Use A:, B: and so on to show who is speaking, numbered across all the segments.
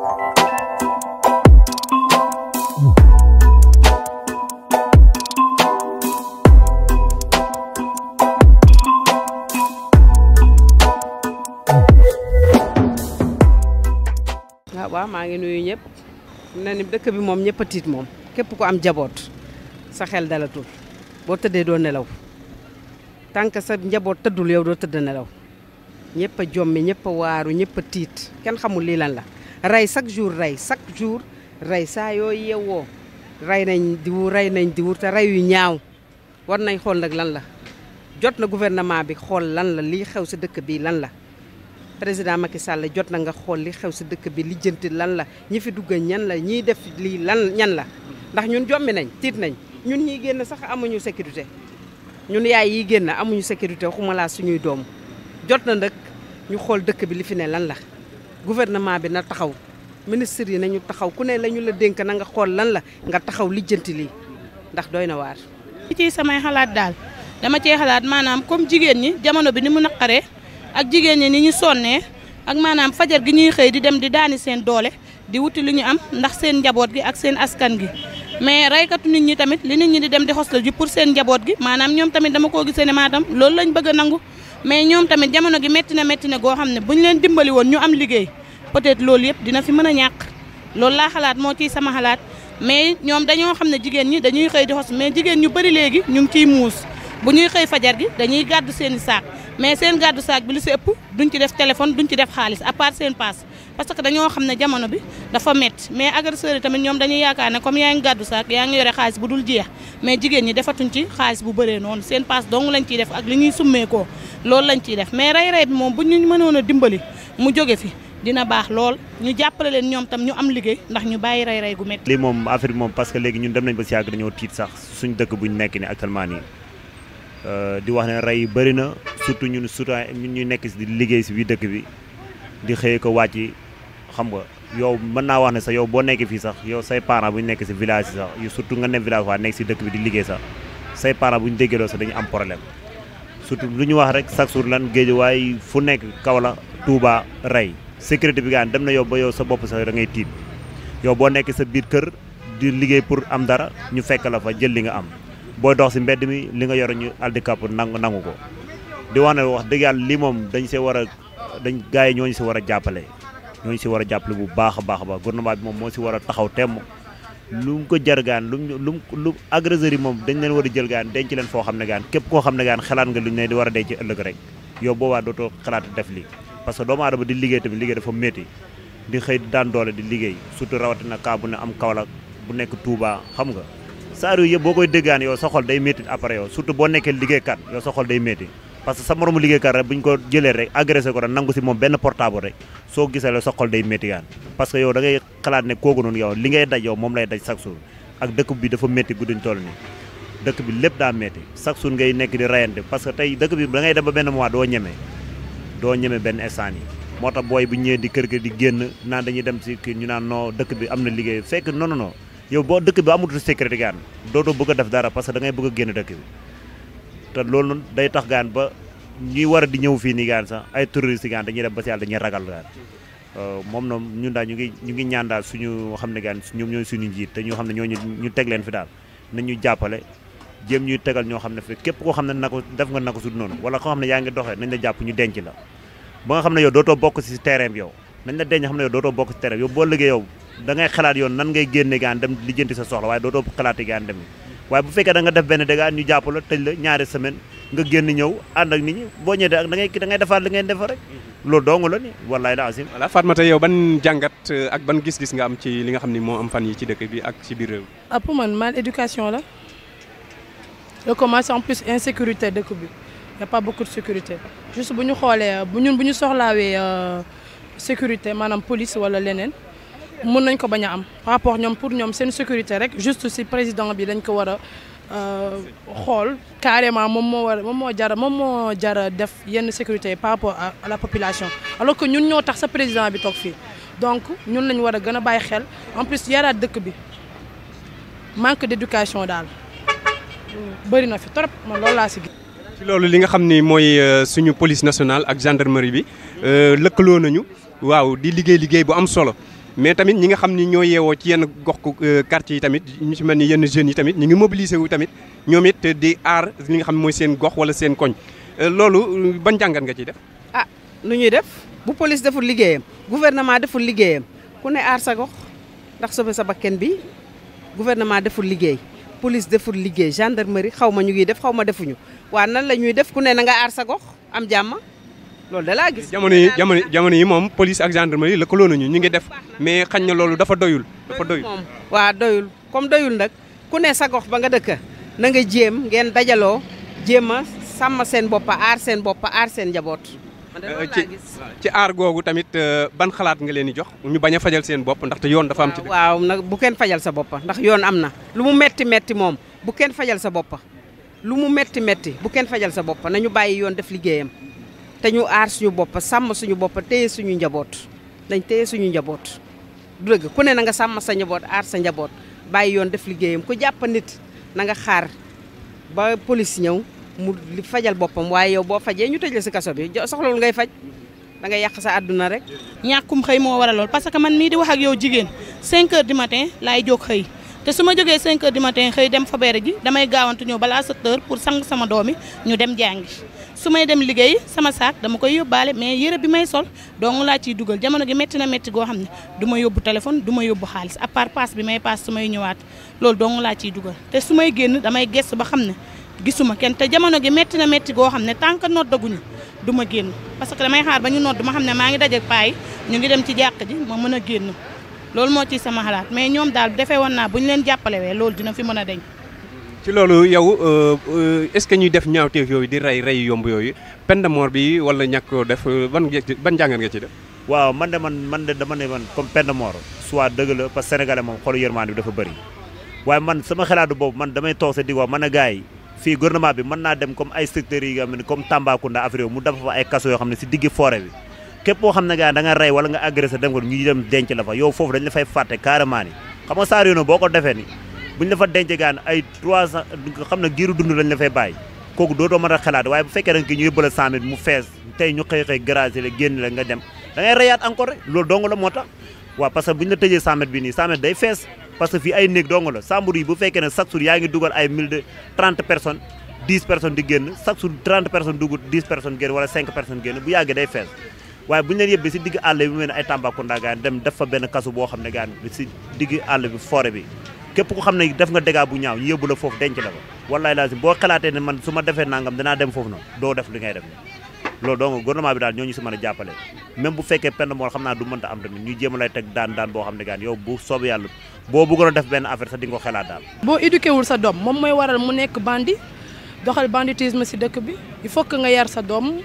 A: Ah, waaw maa ngi nuyu ñëpp na ni dëkk bi moom ñëpp a tiit moom képp ku am jaboot sa xel dalatul boo tëddee doo nelaw tant sa njaboot tëddul yow doo tëdd nelaw ñëpp a jommi ñëpp a waaru ñëpp a tiit kenn xamul lii lan la. rey chaque jour rey chaque jour rey saa yoo yewwoo rey nañ diwu rey nañ diwu te rey yu ñaaw war nañ xool nag lan la jot na gouvernement bi xool lan la lii xew sa dëkk bi lan la président Macky Sall jot na nga xool li xew sa dëkk bi li jënti lan la ñi fi dugg ñan la ñiy def lii lan ñan la ndax ñun jommi nañ tiit nañ ñun ñiy génn sax amuñu sécurité ñun yaay yi génn amuñu sécurité waxuma laa suñuy doom jot na nag ñu xool dëkk bi li fi ne lan la gouvernement bi na taxaw ministre yi nañu taxaw ku ne la ñu la dénk na nga xool lan la nga taxaw lijjanti lii ndax doy na waar. li ci samay xalaat daal dama cee xalaat maanaam comme jigéen ñi jamono bi
B: ni mu naqaree ak jigéen ñi ni ñu sonnee ak maanaam fajar gi ñuy xëy di dem di daani seen doole di wuti li ñu am ndax seen njaboot gi ak seen askan gi. mais raykatu nit ñi tamit li nit ñi di dem di xosla ji pour seen njaboot gi maanaam ñoom tamit dama koo gisee ne maanaam loolu lañ bëgg nangu mais ñoom tamit jamono gi métti na métti na goo xam ne bu ñu leen dimbali woon ñu am liggéey peut-être loolu yëpp dina fi mën a ñàkk loolu laa xalaat moo ciy sama xalaat mais ñoom dañoo xam ne jigéen ñi dañuy xëy di xos mais jigéen ñu bari léegi ñu ciy muus bu ñuy xëy fajar gi dañuy gàddu seen i saak mais seen gàddu saak bi lu si ëpp duñ ci def téléphone duñ ci def xaalis à part seen paas parce que dañoo xam ne jamono bi dafa métti mais agresseurs yi tamit ñoom dañuy yaakaar ne comme yaa ngi gàddu saak yaa ngi yore xaalis bu dul jeex mais jigéen ñi defatuñ ci xaalis bu bëree noonu seen paas dong lañ ciy def ak li ñuy summeekoo loolu lañ ciy def mais rey-rey moom bu ñu mënoon a dimbali mu jóge fi dina baax lool ñu jàppale leen ñoom tam ñu am liggéey ndax ñu bàyyi rey rey gu métti.
C: lii moom affaire bi moom parce que léegi ñu dem nañ ba si yàgg dañoo tiit sax suñ dëkk bu ñu nekk ni actuellement nii euh, di wax ne rey yi bëri na surtout ñun surtout ñun ñuy nekk si di liggéey si biir dëkk bi di xëyee ko wàcc xam nga yow mën naa wax ne sax yow boo nekkee fii sax yow say parents bu ñu nekk si village sax surtout nga ne village waa nekk si dëkk bi di liggéey sax say parents bu ñu déggee loolu sax surtout lu ñu wax rek chaque jour lan géej waaye fu nekk Kaolack Touba rey sécurité bi dem na yow ba yow sa bopp sax da ngay tiit yow boo nekkee sa biir kër di liggéey pour am dara ñu fekk la fa jël li nga am booy dox si mbedd mi li nga yor ñu handicap nangu nangu ko di wax ne wax dëgg lii moom dañ see war a dañ ñoo yi ñooñu si war a jàppale ñoo si war a jàppale bu baax a baax a baax bi moom moo si war a taxaw temm lu mu ko jargaan lu mu lu mu moom dañ leen war a jël gaan denc leen foo xam ne gaan képp koo xam ne gaan xalaat nga lu ñu ne di war a denc ëllëg rek yow boobaa dootoo xalaat def lii parce que doomu aadama di liggéey tamit liggéey dafa métti di xëy daan doole di liggéey surtout rawatina kaa bu ne am Kaolack bu nekk Touba xam nga saar yooyu yëpp boo koy déggaan yow sa xol day métti après yow boo nekkee liggéeykat yow sa xol parce que sa moromu liggéeykat rek bu ñu ko jëlee rek agressé ko rek nangu si moom benn portable rek soo que yow da ngay xalaat ne kooku noonu yow li ngay daj yow moom lay daj chaque jour ak dëkk bi dafa métti bu duñ nii dëkk bi lépp daa métti chaque jour ngay nekk di rayante parce que tey dëkk bi da dem ba benn mois doo ñeme doo ñeme benn instant yi moo tax booy bu ñëwee di kër ga di génn naan dañuy dem si kii ñu naan non dëkk bi am na liggéey fekk non non non yow boo dëkk bi amutul sécurité gaan dootoo bëgg a parce que da ngay bëgg a génn dëkk bi te loolu day tax gaan ba ñuy war a di ñëw fii nii gaan sax ay terroriste gaan dañuy dem ba si yàlla dañuy ragal gaan euh, moom noom ñun daal ñu ngi ñu ngi ñaan daal suñu xam ne gaan ñoom ñooy suñu njiit te ñoo xam ne ñooñu ñu teg leen fi daal nañu jàppale jéem ñuy tegal ñoo xam ne fi képp koo xam ne nako def nga nako su noonu wala koo xam ne yaa ngi doxee nañ la jàpp ñu denc la ba nga xam ne yow dootoo bokk si terrain yow nañ la denc xam ne yow dootoo bokk si terrain yow boo liggéey yow da ngay xalaat yoon nan ngay génne gaan dem lijjanti sa soxla waaye dootoo xalaati gaan dem waaye bu fekkee da nga def benn dégât ñu jàpp la tëj la ñaari semaine nga génn ñëw ànd ak nit ñi boo ñëwee da ngay da ngay defaat li ngay defar rek mhm. loolu dong la ni wallaay la asim voilà
D: Fatmata yow ban jàngat euh, ak ban gis-gis nga am ci li nga xam ni moo am fan yi ci dëkk bi ak ci biir réew
E: a ah, pour man mal éducation la le commencé en plus bi y a pas beaucoup de sécurité juste bu ñu xoolee bu ñun bu ñu soxlaawee euh, sécurité maanaam police wala leneen mën nañ ko bañ a am par rapport ñoom pour ñoom seen sécurité rek juste si président bi dañ ko war a euh, xool carrément moom moo war moom moo jara moom moo jara def yenn sécurité par rapport à la population alors que ñun ñoo tax sa président bi toog fii donc ñun lañ war a gën a bàyyi xel en plus yaraat dëkk bi manque d'éducation daal bëri na fi trop man loolu laa si gis.
D: loolu li nga xam ni mooy euh, suñu police nationale ak gendarmerie bi euh, lëkkaloo nañu waaw di liggéey liggéey bu am solo. mais tamit ñi nga xam ni ñoo yeewoo ci yenn gox euh, quartier yi tamit ñu ci mel ni yenn jeunes yi tamit ñu ngi mobiliser wu tamit ñoom it di aar li nga xam ne mooy seen gox wala seen koñ euh, loolu ban
A: jàngat nga ciy def. ah nu ñuy def bu police deful liggéeyam gouvernement deful liggéeyam ku ne aar sa gox ndax sauver sa bakkan bi gouvernement deful liggéey police deful liggéey gendarmerie xaw ma ñu ngi def xaw ma defuñu waa nan la ñuy def ku ne na nga aar sa gox am jàmm. loolu da laa gis jamono yi jamono
D: jamono yi moom police ak gendarmerie lëkkaloo nañu ñu ngi def mais xañ na loolu dafa doyul dafa doyul moom
A: waaw doyul comme doyul nag ku ne sagox ba nga dëkk na nga jéem ngeen dajaloo jéem a sàmm seen boppa aar seen boppa aar seen njaboot
D: ci ci aar googu tamit euh, ban xalaat nga leen di jox ñu bañ fajal seen bopp ndaxte yoon dafa am ci
A: waaw nag bu kenn fajal sa bopp ndax yoon am na lu mu metti metti moom bu kenn fajal sa boppa lu mu metti metti bu kenn fajal sa bopp nañu bàyyi yoon def liggéeyam te ñu aar suñu bopp sàmm suñu bopp téye suñu njaboot dañ téye suñu njaboot du dëgg ku ne na nga sàmm sa njaboot aar sa njaboot bàyyi yoon def liggéeyam ku jàpp nit na nga xaar ba police ñëw mu fajal boppam waaye yow boo fajee ñu tëj la si kaso bi soxlawul ngay faj da ngay yàq sa àdduna rek. ñàkkum xëy moo waral lool parce que man mii di
B: wax ak yow jigéen 5 heures du matin laay jóg xëy. te su ma jógee 5 di du matin xëy dem fabeere ji damay gaawantu ñëw balaa 7 heures pour sang sama doomi ñu dem jàngi su may dem liggéey sama saak dama koy yóbbaale mais yére bi may sol dong laa ciy dugal jamono gi métti na métti goo xam ne du ma yóbbu téléphone du ma yóbbu xaalis à part paas bi may paas su may lool loolu dong laa ciy dugal te su may génn damay gëstu ba xam ne gisuma kenn te jamono gi métti na métti goo xam ne tant que noddaguñu du ma génn parce que damay xaar ba ñu nodd ma xam ne maa ngi daje paay ñu ngi dem ci jàq ji ma mën a génn loolu moo ci sama xalaat mais ñoom daal defe woon naa bu ñu leen jàppalewee loolu dina fi mën a deñ
D: ci loolu yow euh, est-ce que ñuy def ñaawteef yooyu di rey rey yomb yooyu peine de mort bi wala ñàkk koo def ban ban jàngat nga ci def.
C: waaw man de man man de dama ne man comme peine de mort soit dëgg la parce que sénégalais moom xolu yërmande bi dafa bëri waaye man sama xalaatu boobu man damay toog sa di wax man a gars yi fii gouvernement bi mën naa dem comme ay secteurs yi nga xam ne yoo xam ne si diggi forêt bi. képp koo xam ne gars da nga rey wala nga agressé dem ko ñu dem denc la fa yow foofu dañ la ko defee ni bu xalaat waaye bu fekkee da nga kii ñu yóbbala 100000 mu fees tey ñu xëy xëy garagé la génn la nga dem da ngay reyaat encore rek loolu dong la moo di génn chaque jour 30 personnes génn wala 5 personnes day fees waaye bu ñu leen yëbbee si digg àll bi mu mel ne ay Tambacounda gaan dem def fa benn kasu boo xam ne gaan si digg àll bi forêt bi xam ne def nga dégâts bu ñaaw ñu yóbbu la foofu denc la ko wallaay laa boo xalaatee ne man su ma defee nangam danaa dem foofu noonu doo def li ngay def loolu donc gouvernement bi daal ñoo ñu si mën a jàppale même bu fekkee penn mool xam naa du mënta am tamit ñu jéem lay teg daan daan boo xam ne gaan yow bu soob yàlla boo bëggoon a def benn affaire sax di nga ko xalaat daal
E: boo éduqué wul sa doom moom mooy waral mu nekk bandi doxal si dëkk bi il faut yar sa doom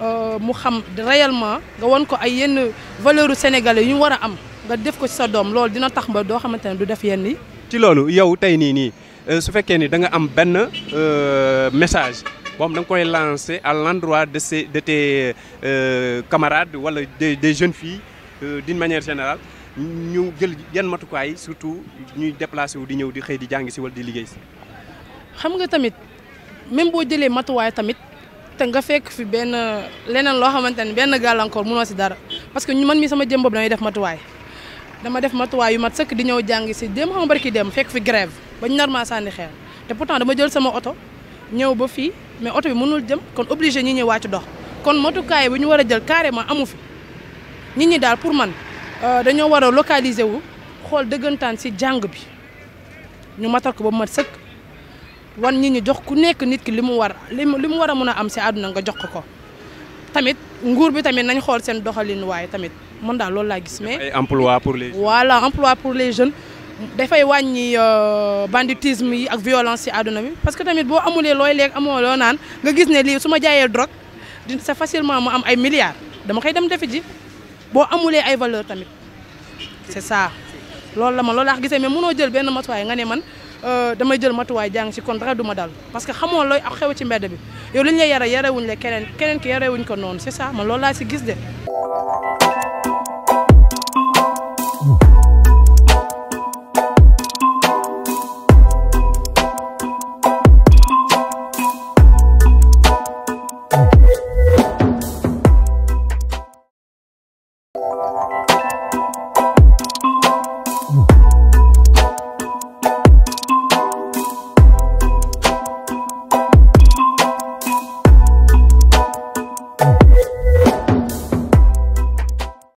E: Euh, mu xam réellement nga wan ko ay yenn valeur u yu ñu war a am nga def ko ci sa doom loolu dina tax ba doo xamante ne du def yenn yi.
D: ci loolu yow tey nii nii euh, su fekkee ni da nga am benn euh, message boo xam da nga koy lancer à l'endroit de ses de tes camarades wala de des jeunes filles d'une manière générale ñu jël yan matukaay surtout ñuy déplacé wu di ñëw di xëy di jàng si wala di liggéey si.
E: xam nga tamit même boo jëlee matuwaay tamit. te nga fekk fi benn leneen loo xamante ne benn gàllankoor munoo si dara parce que ñu man mi sama jëm boobu def matuwaay dama def matuwaay yu mat sëkk di ñëw jàng si démb xam barki dem fekk fi grève ba ñu maa sànni xeer te pourtant dama jël sama oto ñëw ba fii mais oto bi mënul jëm kon ñu ñi ñuy wàcc dox kon matukaay bu ñu war a jël carrément amu fi nit ñi daal pour man euh, dañoo war a localiser wu xool dëggantaan si jàng bi ñu matal ko ba mat sëkk wan ñi ñi jox ku nekk nit ki li mu war li mu li mu war a mën a am si àdduna nga jox ko tamit nguur bi tamit nañ xool seen doxalin waaye tamit mën daal loolu laa gis. mais
D: emploi pour les.
E: voilà emploi pour les jeunes dafay wàññi euh, banditisme yi ak violence si àdduna bi parce que tamit boo amulee looy lekk amoo loo naan nga gis ne lii su ma jaayee drogue di facilement mu am ay milliards dama koy dem defe ji boo amulee ay valeur tamit c'est ça loolu la ma loolu laa gisee mais mënoo jël benn matuwaay nga ne man. Euh, damay jël matuwaay jàng si kon dara du ma parce que xamoo looy ak xew ci mbedd bi yow li ñu lay yare yarewuñ la keneen keneen ki yarewuñ ko noonu c'est ça man loolu laa si gis de